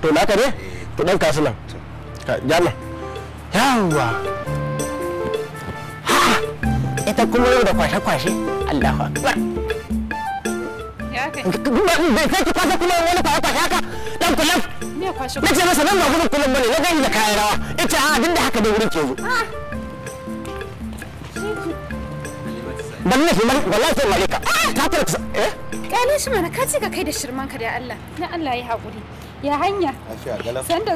to naka ne eh. to ɗan kasu nan yawa ha ita kuma yau da kwashe-kwashe Allah akbar ya kai sai ki kwashe kuma wani kwashe-kwashe haka me na ce masa nan ba kuɗin kullum bane na da kayan rawa ita a duk da haka da wurin ke zo ah. balle shi wallahi sai malika ah, ta tara kusa eh kale shi mana ka ka kai da shirman ka da Allah na Allah ya hakuri ya hanya san da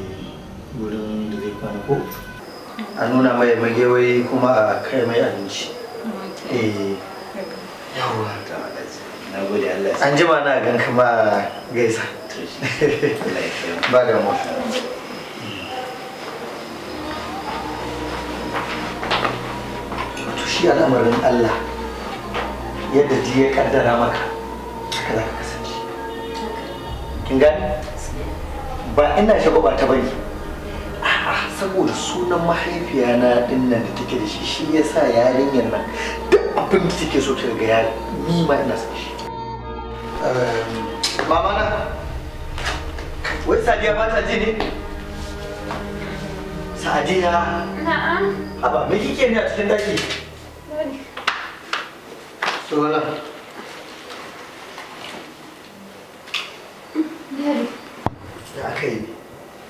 wurin da zai kwana ko a nuna mai magewai kuma a kai mai abinci eh yawa ta na gode Allah an jima na gan ka ba gaisa ba da mu to shi al'amarin Allah yadda ji ya kaddara maka haka za ka kasance kin gani ba ina shagwaba ta bane saboda sunan mahaifiya na dinnan da take da shi shi ya sa yarinyar nan duk abin da take so ta ga ya ni ma ina son shi ehm, mama na wai sadiya ba ta ji ne sadiya na'am aba me kike ne a cikin daki to wala ya aka yi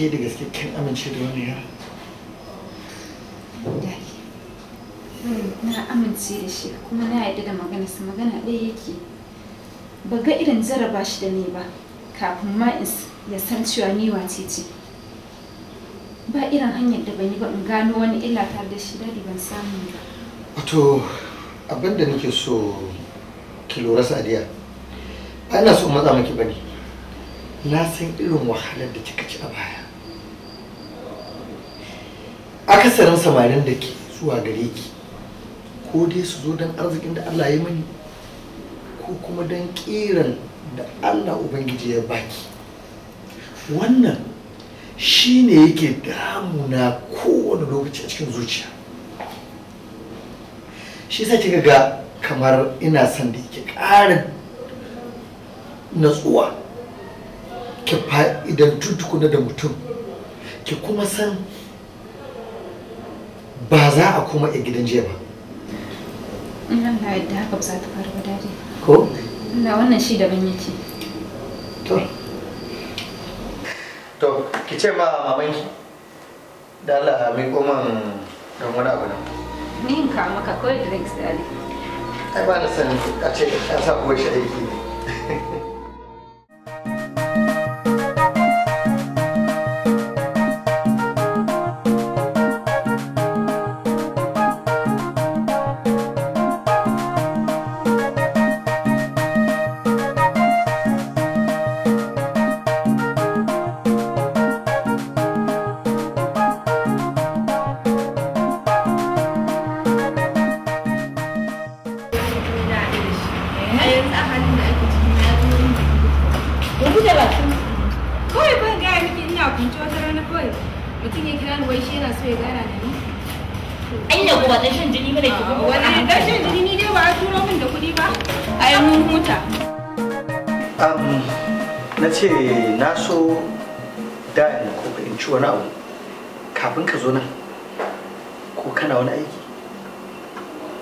ke da gaske kin amince da wani yara na amince da shi kuma na yadda da maganarsa magana ɗaya yake ba ga irin zaraba shi da ni ba kafin ma ya san cewa ni wace ce ba irin hanyar da ban yi ba in gano wani illa tare da shi dadi ban samu ba wato abin da nake so ki lura sadiya ba ina so matsa maki bane na san irin wahalar da kika ci a baya akasarin samarin da ke zuwa gare ki ko dai su zo don arzikin da Allah ya mani ko kuma don kiran da Allah Ubangiji ya baki wannan shi ne yake damuna kowane lokaci a cikin zuciya shi sa kika ga kamar ina son da yake ƙara natsuwa ki fa'idan tutukuna da mutum ki kuma san ba za a koma a gidan jiya ba in Allah yadda haka ba za ta faru ba dadi ko na wannan shi daban yake to to ki ce ma mamanki da Allah mai koman don wani abu nan ni in ka maka kawai drinks dadi ai ba na san a ce ka sa kuwa shi aiki na so da in ko wani abu kafin ka zo nan ko kana wani aiki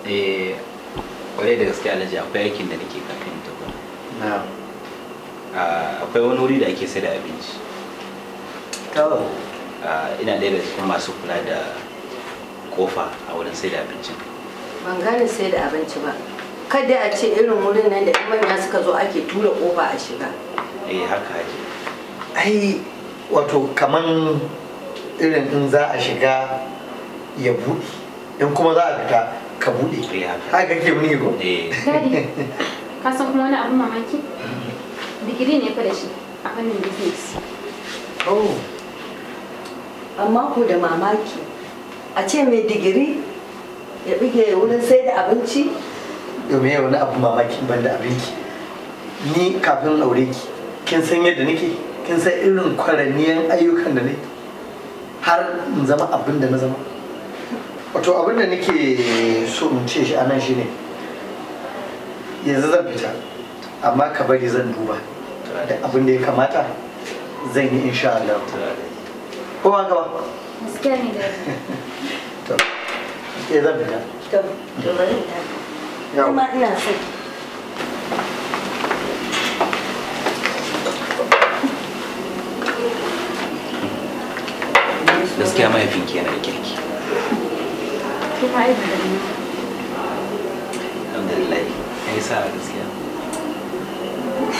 eh kwarai da gaske alhaji akwai aikin da nake kafin ta gona ah, akwai wani wuri da ake sai da abinci ah, ina ɗaya da cikin masu kula da kofa a wurin sai da abincin ban gane sai da abinci ba kada a ce irin wurin nan da manya suka zo ake tura kofa a shiga eh haka haji ai wato kaman irin in za a shiga ya buɗe in kuma za a fita ka buɗe haka kake muni ko eh. ka san kuma wani abu mamaki digiri ne fa da shi a fannin business oh amma ko da mamaki a ce mai digiri ya bige wurin sai da abinci domin yau wani abu mamaki ban da abinki ni kafin aure ki kin san yadda nake kin san irin kwaraniyan ayyukan da ne har in zama abin da na zama wato abin da nake so in ce shi anan shine yanzu zan fita amma ka bari zan duba da abin da ya kamata zan yi insha Allah ko ba ka ba gaskiya ne da to ke eh, zan fita to to bari ta kuma ina so gaskiya mahaifin ke yana kirki alhamdulillah mm. ya yi sa'a gaskiya ah, ah,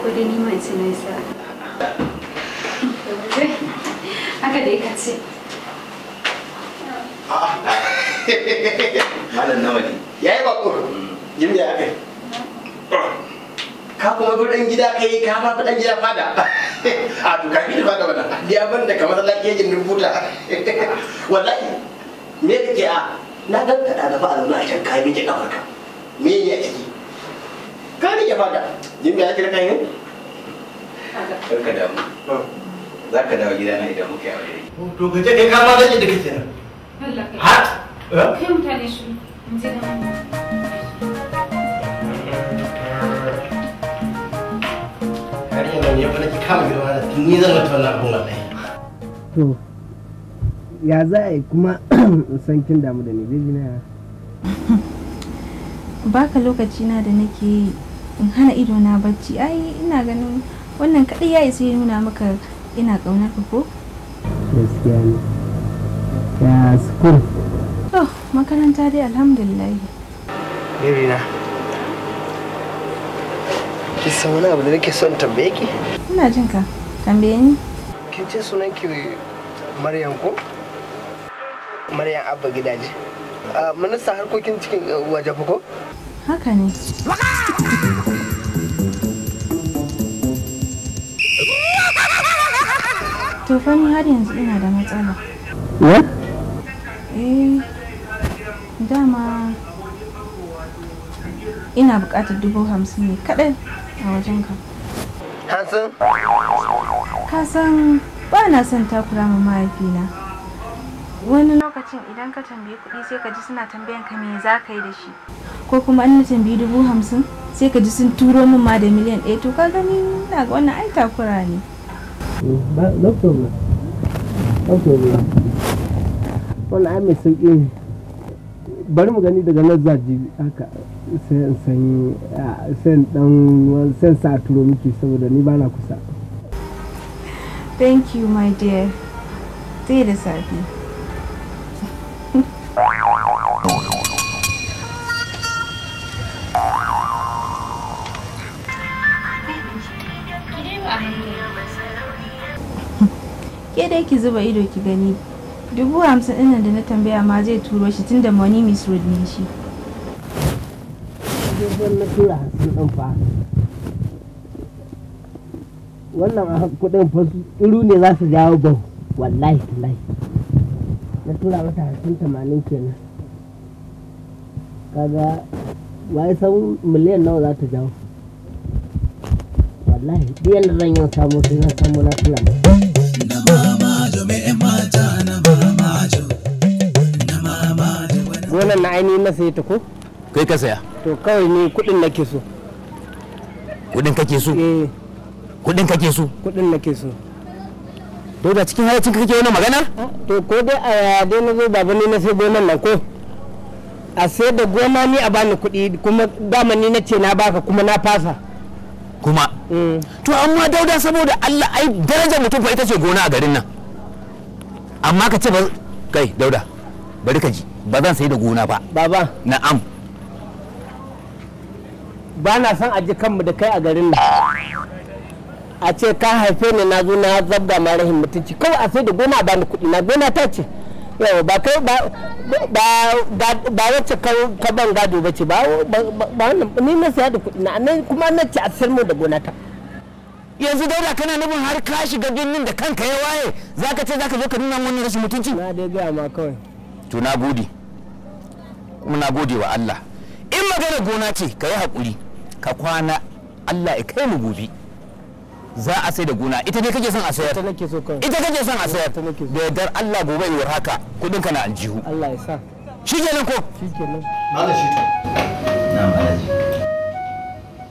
ah, ah, na yi ah, ah, ah, ah, ah, ah, ah, ah, ya ah, ah, ah, ah, ya kai ka kuma bi dan gida kai ka ma fi dan gida fada a to ka fi fada bana ya ban da kamar lafiya jin rubuta wallahi me kake a na dan kada da ba a can kai miki kafarka me ne a ciki ka rike fada jin ya yake kai karka da mu oh. za ka dawo gida na idan muka yi aure oh, to ka je kai ka ma zan da kake nan har kai mutane shi mun mutane gaba nake kama girma na ni zan mutu wannan abun wallahi to ya za a yi kuma san kin damu da ni baby na baka lokaci na da nake in hana ido na bacci ai ina ganin wannan kadai ya isa nuna maka ina kaunar ka ko gaskiya ne ya school to oh, makaranta dai alhamdulillah baby san wani abu da nake son tambaye ki? Ina jin ka. Tambaye ni? Kin ce sunan ki Maryam ko? Maryam Abba Gidaje. Minista harkokin cikin eh, waje fa ko? Haka ne. To fa ni har yanzu ina da matsala. Wa? Eh. Dama ina buƙatar dubu hamsin ne kaɗai a wajenka. Hansun? Ka san ba na son takura ma mahaifina. Wani lokacin idan ka tambayi kuɗi sai ka ji suna tambayan ka me za ka yi da shi. Ko kuma an na tambayi dubu hamsin sai ka ji sun turo min ma da miliyan ɗaya to ka gani na ga wannan ai takura ne. No problem. Wannan ai mai sauƙi ne. Bari mu gani daga nan zaji haka. sai san sai dan sai sa turo miki saboda ni ba na kusa thank you my dear sai da safi ke dai ki zuba ido ki gani dubu hamsin ɗin da na tambaya ma zai turo shi tun da money miss ne shi idan na tura sun ɗin fa wannan kudin fa iru ne za su jawo ba wallahi tallahi na tura mata hamsin tamanin kenan kaga waye san miliyan nawa za ta jawo wallahi duk yadda zan yi samu sai zan samu na tura na wannan na ainihin na sai ta ko kai ka saya to kawai ni kudin nake so kudin kake so eh kudin kake so kudin nake so to da cikin hayacin kake na magana to ko dai a dai na zo baba ne na sai gonan nan ko a sai da goma ni a bani kudi kuma dama ni na ce na baka kuma na fasa kuma eh. to amma dauda saboda Allah ai darajar mutum fa ita ce gona a garin nan amma ka ce ba kai dauda bari ka ji ba zan sai da gona ba baba na'am ba na son a ji kanmu da kai a garin nan a ce ka haife ni na zo na zabga ma rahin mutunci kawai a sai da gona ba ni kuɗi na gona ta ce yau ba kai ba wacce ka ban gado ba ce ba wannan ni na saya da kuɗi na nan kuma na ce a sayar mu da gona ta yanzu dauda kana nufin har ka shiga birnin da kanka ya waye zaka ce zaka zo ka nuna wani rashin mutunci na dai ga ma kawai to na gode muna gode wa Allah in magana gona ce ka yi haƙuri ka kwana Allah ya kai mu gobe za a sai da gona ita ne kake son a sayar ita kake son a sayar da yardar Allah gobe yi haka kudin ka na aljihu Allah ya sa shi kenan ko shi da shi to na malaji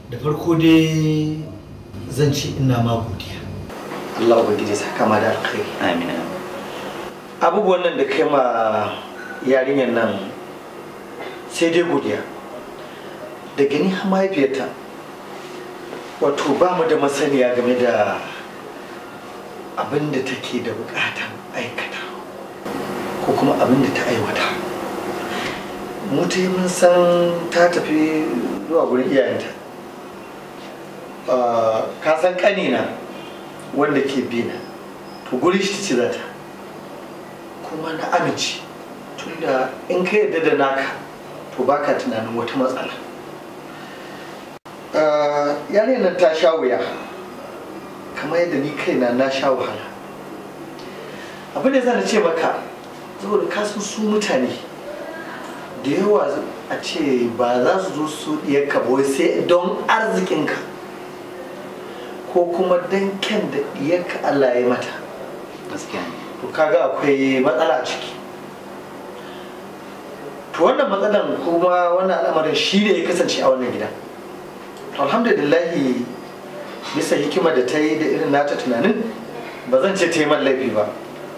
da farko dai zan ce ina ma godiya Allah ubangiji saka ma da alkhairi amin abubuwan nan da kai ma yarinyar nan sai dai godiya da gani mahaifiyarta wato ba mu da masaniya game da abin da take da bukatan aikata ko kuma abin da ta aiwata mutum mun san ta tafi zuwa gurin iyayenta ah, ka san kanina wanda ke bina to guri shi ce zata kuma na amince tunda in ka yarda da naka to baka tunanin wata matsala Eh, yanayin nan ta sha wuya kamar yadda ni kaina na sha wahala abin da zan ce maka saboda kasan su mutane da yawa a ce ba za su zo su iya kabo sai don arzikinka ko kuma don kyan da ɗiyarka Allah ya mata to kaga akwai matsala ciki to wannan matsalan kuma wannan al'amarin shi ne ya kasance a wannan gidan alhamdulillahi bisa hikima da ta yi da irin nata tunanin ba zan ce taimar laifi ba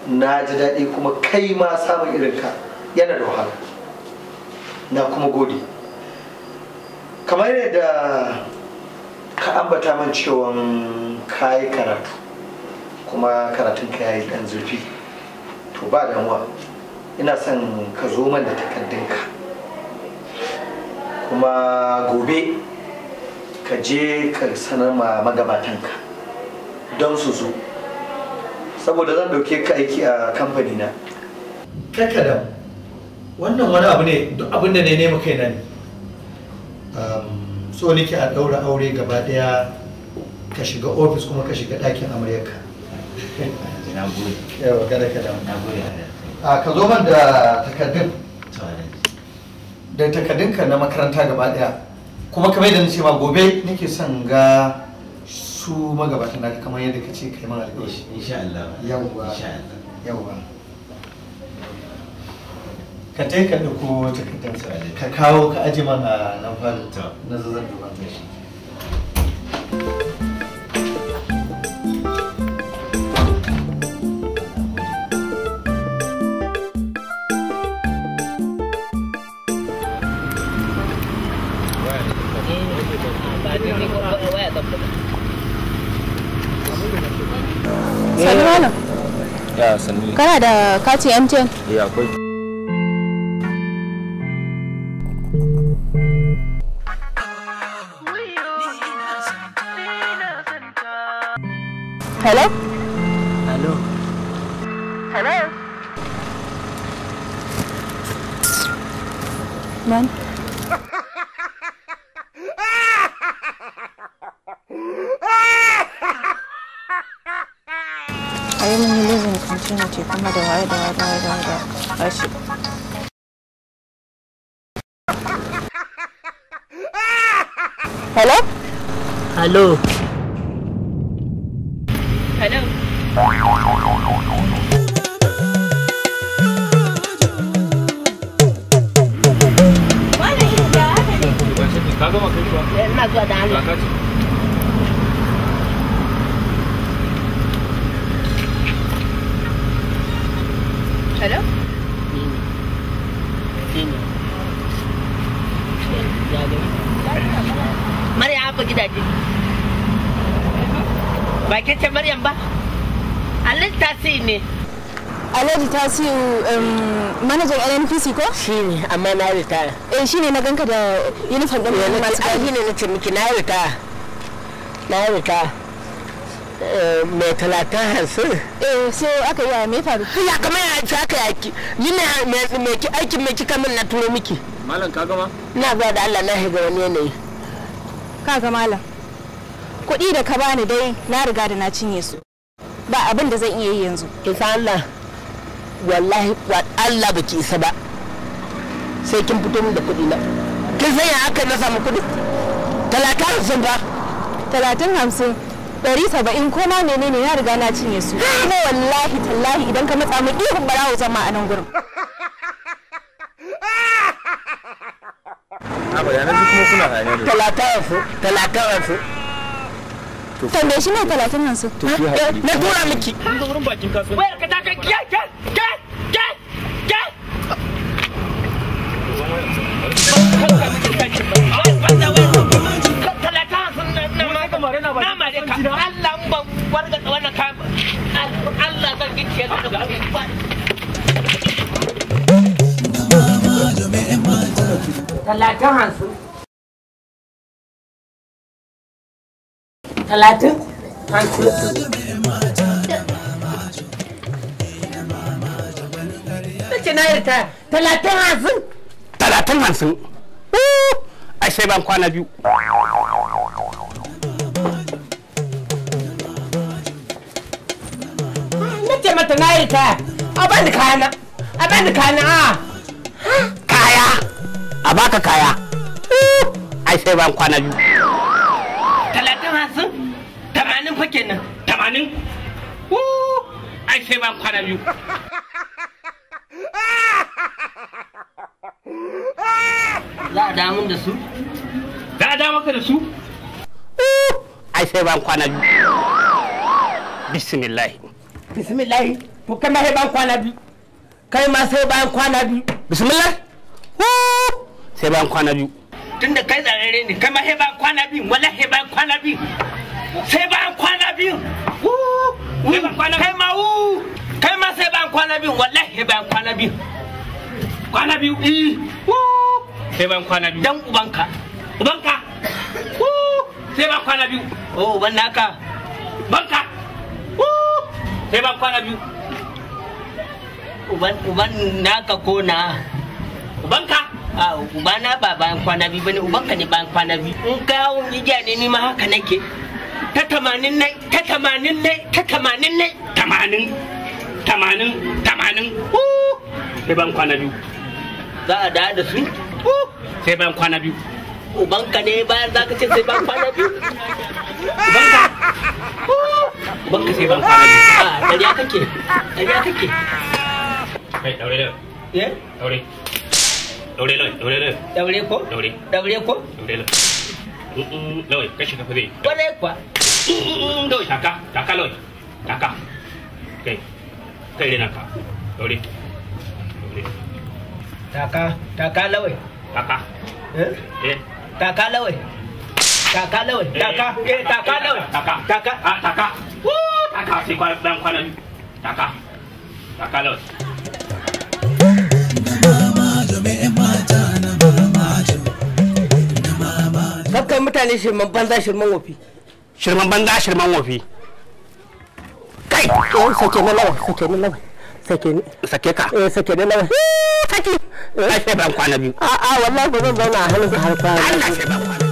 na ji daɗi kuma kai ma samun irin ka yana da wahala na kuma gode kamar yadda ka ambata man cewa ka yi karatu kuma karatun ka yi ɗan zurfi to ba damuwa ina son ka zo man da takardunka kuma gobe ka je ka sanar ma magabatanka don su zo saboda zan dauke ka aiki a kamfani na kai da wannan wani abu ne duk abin da ne nema kai na ne so nake a daura aure gaba daya ka shiga ofis kuma ka shiga ɗakin amaryarka yawa gada kadam a ka zo man da takaddun da ka na makaranta gaba daya kuma kamar yadda nace ma gobe nake son ga su magabatan da kamar yadda kace kai mana alƙawari insha Allah yawwa insha Allah yawwa ka tai ka dauko takardar ka kawo ka aje mana nan fara na zazzabi wannan shi Có là có chị em trên? Dạ, có. Hello? ko shi ne amma na rita eh shine na ganka da uniform din mai masu kai ne na cimiki na rita na rita eh, mai talatin hansu eh so aka yi mai faru ya kama ya ci aka yaki ni ne mai ki aikin mai kika min na turo miki malam ka gama na zuwa da Allah na higa wani yanayi ka ga malam kuɗi da ka bani dai na riga da na cinye su ba abin da zan iya yi yanzu ki Allah wallahi Allah baki isa ba sai kin fito da kuɗi na kin sanya ya na samu kuɗi talatin hamsin ba talatin hamsin ɗari saba'in ko ma ne ya riga na cinye su kuma wallahi tallahi idan ka matsa mu ihun barawo zama a nan gurin talatin hamsin tambaye shi ne talatin hamsin na tura miki talatin hansu talatin hansu na ce talatin hansu talatin hamsin ai sai ban kwana biyu ce mata na yi ta a bani kayana a bani kayana a kaya a baka kaya ai sai ban kwana biyu talatin hamsin tamanin fa kenan tamanin ai sai ban kwana biyu Za a damun da su? Za a damaka da su? Ai sai ban kwana biyu. Bismillahi. Bismillahi, to kai ma sai ban kwana biyu. Kai ma sai ban kwana biyu. Bismillahi. Sai ban kwana biyu. Tunda kai tsararre ne, kai ma sai ban kwana biyu, wala sai ban kwana biyu. Sai ban kwana biyu. Kai ma wu. kai ma sai ban kwana biyu wallahi ban kwana biyu kwana biyu eh sai ban kwana biyu dan ubanka ubanka sai ban kwana biyu oh ban naka banka sai ban kwana biyu uban uban naka ko na ubanka a ah, ubana ba bayan kwana biyu bane ubanka ne bayan kwana biyu in ka yawon gidiya ne ni ma haka nake ta 80 nai ta 80 nai ta 80 nai 80 tamanin tamanin sai ban kwana biyu za a da da su sai ban kwana biyu ubanka ne bayan za ka ce sai ban kwana biyu ubanka ubanka sai ban kwana biyu a ah, dariya kake dariya kake kai daure da eh daure daure lai daure lai daure ko daure daure ko daure lai lai kashi kafa zai kwa taka taka lai taka kai kai rena ka daure taka taka lawai taka eh, eh? taka lawai taka lawai eh. taka eh taka lawai taka taka ah, taka taka sai kwa dan kwana taka taka lawai mutane shirman banza shirman wofi. Shirman banza shirman wofi. kai eh sake na lawan sake na lawan sake ni sake ka eh sake na lawan sake ai sai ban kwana biyu a a wallahi ba zan zauna a hannun har kwana Allah sai ban kwana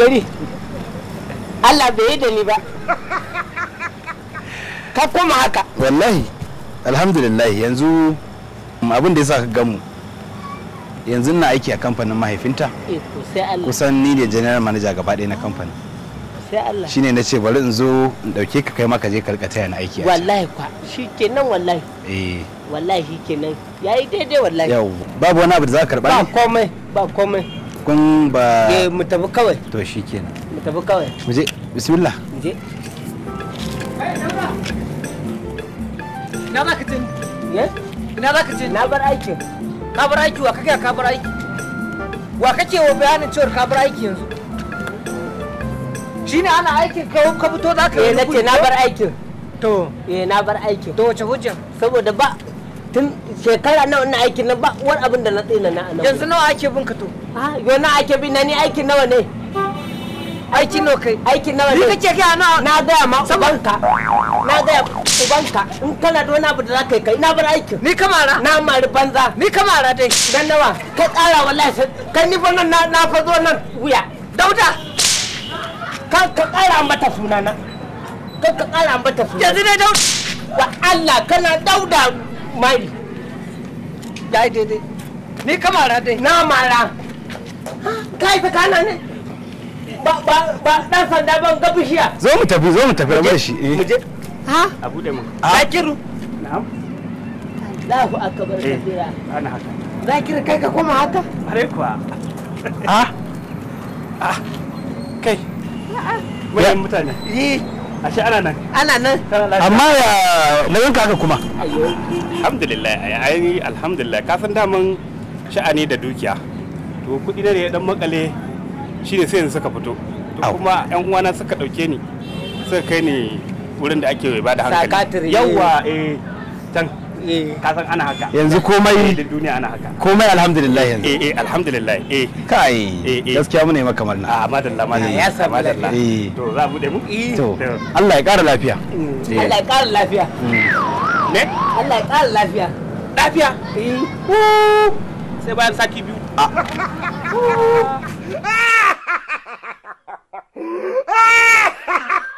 gari Allah bai yi da ni ba ka koma haka wallahi alhamdulillah yanzu abin da ya sa ka gamu yanzu na aiki a kamfanin mahaifinta eh, kusan ni ne general manager gaba ɗaya na kamfanin shi ne na ce bari in zo in ɗauke ka kai maka je karkata yana aiki a wallahi kwa shi kenan wallahi eh wallahi kenan ya yi daidai wallahi yau babu wani abu da za ka karɓa ba komai ba komai kun ba eh, mu tafi kawai to kenan mu tafi kawai mu je bismillah mu je na za ka eh na za ka na bar aikin ka bar aiki wa kake ka bar aiki wa kake wa bayanin cewar ka bar aiki yanzu shine ana aikin ka ka fito zaka ka yi eh, na ce na bar aikin to eh na bar aikin to wace hujja saboda ba shekara nawa na aikin nan ba wani abin da na tsina na anan yanzu nawa ake bin ka to ah yo na ake bin na ni aikin nawa ne aiki nawa kai aiki nawa ne ni kace kai ana na ga ma ubanka na ga ubanka in kana da wani abu da zaka kai na bar aikin ni kamara na mari banza ni kamara dai dan nawa kai tsara wallahi kai ni fa na na fa zo nan wuya dauda Ka ka tsara mata sunana Ka ka tsara mata sunana yanzu dai dauda wa Allah kana dauda mari ya yi daidai ni kamara dai na mara ka yi fita na ne ba ba ba dan sanda ban ga bishiya zo mu tafi zo mu tafi rabar shi eh muje ha a bude mu ah. zakiru na'am Allahu akbar eh, kabira ana haka zakiru kai ka koma haka bare kuwa ha. Ah. Ah. ah kai wayan mutane eh ashe ana nan ana nan amma ya nauyin kaka kuma alhamdulillah ai alhamdulillah kafin daman sha'ani da dukiya to kuɗi ne dan makale shine sai yanzu suka fito to kuma yan uwana suka dauke ni suka kai ni wurin da ake ba da hankali yawa eh can Eh. kasan ana haka yanzu komai da duniya ana haka komai alhamdulillah yanzu eh eh alhamdulillah eh kai eh, eh. gaskiya mu ne maka murna a ah, madalla madalla ya sa madalla to za mu mu to Allah ya kara lafiya mm. Allah ya kara lafiya mm. ne Allah ya kara lafiya lafiya eh sai bayan saki biyu ah.